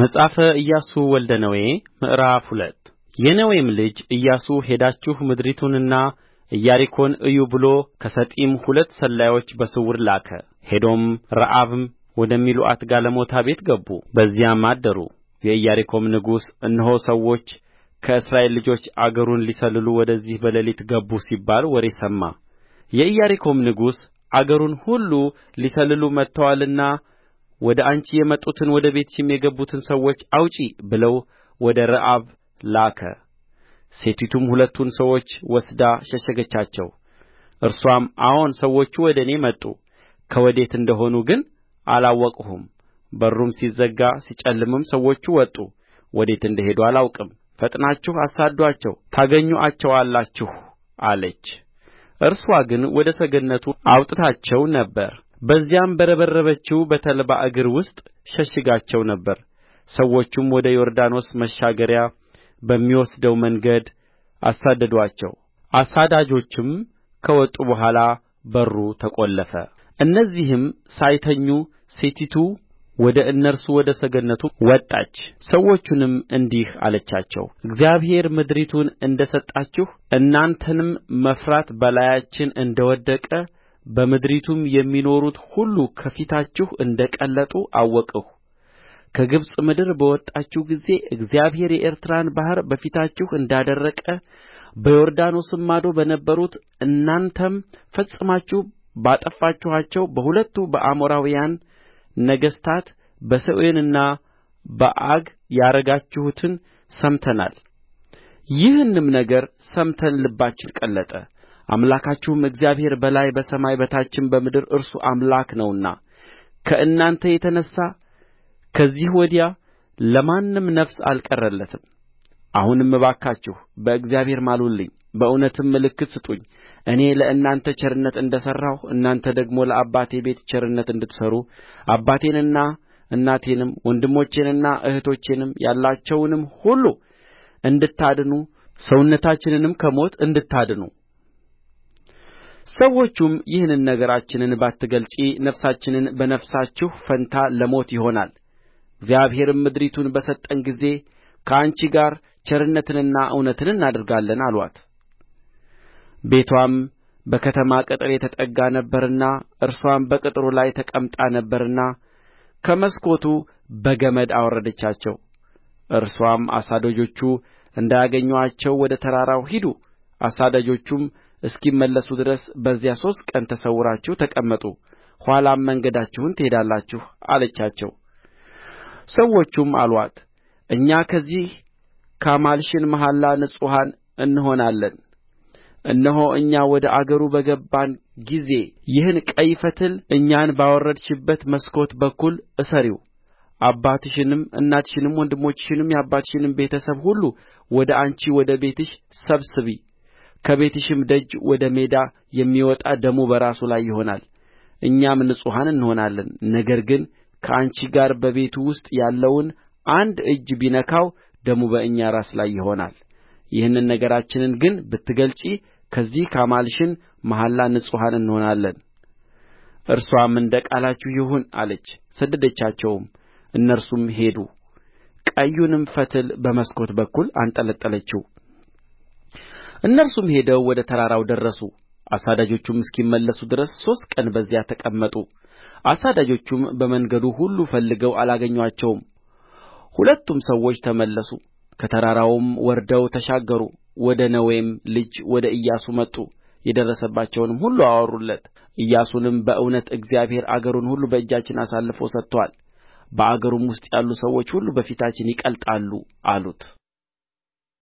መጽሐፈ ኢያሱ ወልደ ነዌ ምዕራፍ ሁለት የነዌም ልጅ ኢያሱ ሄዳችሁ ምድሪቱንና ኢያሪኮን እዩ ብሎ ከሰጢም ሁለት ሰላዮች በስውር ላከ። ሄዶም ረዓብም ወደሚሉአት ጋለሞታ ቤት ገቡ፣ በዚያም አደሩ። የኢያሪኮም ንጉሥ እነሆ ሰዎች ከእስራኤል ልጆች አገሩን ሊሰልሉ ወደዚህ በሌሊት ገቡ ሲባል ወሬ ሰማ። የኢያሪኮም ንጉሥ አገሩን ሁሉ ሊሰልሉ መጥተዋልና ወደ አንቺ የመጡትን ወደ ቤትሽም የገቡትን ሰዎች አውጪ ብለው ወደ ረዓብ ላከ ሴቲቱም ሁለቱን ሰዎች ወስዳ ሸሸገቻቸው እርስዋም አዎን ሰዎቹ ወደ እኔ መጡ ከወዴት እንደ ሆኑ ግን አላወቅሁም በሩም ሲዘጋ ሲጨልምም ሰዎቹ ወጡ ወዴት እንደ ሄዱ አላውቅም ፈጥናችሁ አሳድዱአቸው ታገኙአቸዋላችሁ አለች እርስዋ ግን ወደ ሰገነቱ አውጥታቸው ነበር በዚያም በረበረበችው በተልባ እግር ውስጥ ሸሽጋቸው ነበር ሰዎቹም ወደ ዮርዳኖስ መሻገሪያ በሚወስደው መንገድ አሳደዱአቸው አሳዳጆችም ከወጡ በኋላ በሩ ተቈለፈ እነዚህም ሳይተኙ ሴቲቱ ወደ እነርሱ ወደ ሰገነቱ ወጣች ሰዎቹንም እንዲህ አለቻቸው እግዚአብሔር ምድሪቱን እንደ ሰጣችሁ እናንተንም መፍራት በላያችን እንደ ወደቀ በምድሪቱም የሚኖሩት ሁሉ ከፊታችሁ እንደ ቀለጡ አወቅሁ ከግብፅ ምድር በወጣችሁ ጊዜ እግዚአብሔር የኤርትራን ባሕር በፊታችሁ እንዳደረቀ በዮርዳኖስም ማዶ በነበሩት እናንተም ፈጽማችሁ ባጠፋችኋቸው በሁለቱ በአሞራውያን ነገሥታት በሴዎንና በዐግ ያደረጋችሁትን ሰምተናል። ይህንም ነገር ሰምተን ልባችን ቀለጠ አምላካችሁም እግዚአብሔር በላይ በሰማይ በታችም በምድር እርሱ አምላክ ነውና ከእናንተ የተነሣ ከዚህ ወዲያ ለማንም ነፍስ አልቀረለትም። አሁንም እባካችሁ በእግዚአብሔር ማሉልኝ፣ በእውነትም ምልክት ስጡኝ። እኔ ለእናንተ ቸርነት እንደ ሠራሁ እናንተ ደግሞ ለአባቴ ቤት ቸርነት እንድትሠሩ አባቴንና እናቴንም ወንድሞቼንና እህቶቼንም ያላቸውንም ሁሉ እንድታድኑ ሰውነታችንንም ከሞት እንድታድኑ ሰዎቹም ይህን ነገራችንን ባትገልጪ ነፍሳችንን በነፍሳችሁ ፋንታ ለሞት ይሆናል እግዚአብሔርም ምድሪቱን በሰጠን ጊዜ ከአንቺ ጋር ቸርነትንና እውነትን እናደርጋለን አሉአት ቤትዋም በከተማ ቅጥር የተጠጋ ነበርና እርስዋም በቅጥሩ ላይ ተቀምጣ ነበርና ከመስኮቱ በገመድ አወረደቻቸው እርስዋም አሳዳጆቹ እንዳያገኙአቸው ወደ ተራራው ሂዱ አሳዳጆቹም እስኪመለሱ ድረስ በዚያ ሦስት ቀን ተሰውራችሁ ተቀመጡ ኋላም መንገዳችሁን ትሄዳላችሁ አለቻቸው ሰዎቹም አሉአት እኛ ከዚህ ካማልሽን መሐላ ንጹሐን እንሆናለን እነሆ እኛ ወደ አገሩ በገባን ጊዜ ይህን ቀይ ፈትል እኛን ባወረድሽበት መስኮት በኩል እሰሪው አባትሽንም እናትሽንም ወንድሞችሽንም የአባትሽንም ቤተ ሰብ ሁሉ ወደ አንቺ ወደ ቤትሽ ሰብስቢ ከቤትሽም ደጅ ወደ ሜዳ የሚወጣ ደሙ በራሱ ላይ ይሆናል እኛም ንጹሐን እንሆናለን ነገር ግን ከአንቺ ጋር በቤቱ ውስጥ ያለውን አንድ እጅ ቢነካው ደሙ በእኛ ራስ ላይ ይሆናል ይህንን ነገራችንን ግን ብትገልጪ ከዚህ ካማልሽን መሐላ ንጹሐን እንሆናለን እርሷም እንደ ቃላችሁ ይሁን አለች ሰደደቻቸውም እነርሱም ሄዱ ቀዩንም ፈትል በመስኮት በኩል አንጠለጠለችው እነርሱም ሄደው ወደ ተራራው ደረሱ አሳዳጆቹም እስኪመለሱ ድረስ ሦስት ቀን በዚያ ተቀመጡ አሳዳጆቹም በመንገዱ ሁሉ ፈልገው አላገኙአቸውም ሁለቱም ሰዎች ተመለሱ ከተራራውም ወርደው ተሻገሩ ወደ ነዌም ልጅ ወደ ኢያሱ መጡ የደረሰባቸውንም ሁሉ አወሩለት ኢያሱንም በእውነት እግዚአብሔር አገሩን ሁሉ በእጃችን አሳልፎ ሰጥቶአል በአገሩም ውስጥ ያሉ ሰዎች ሁሉ በፊታችን ይቀልጣሉ አሉት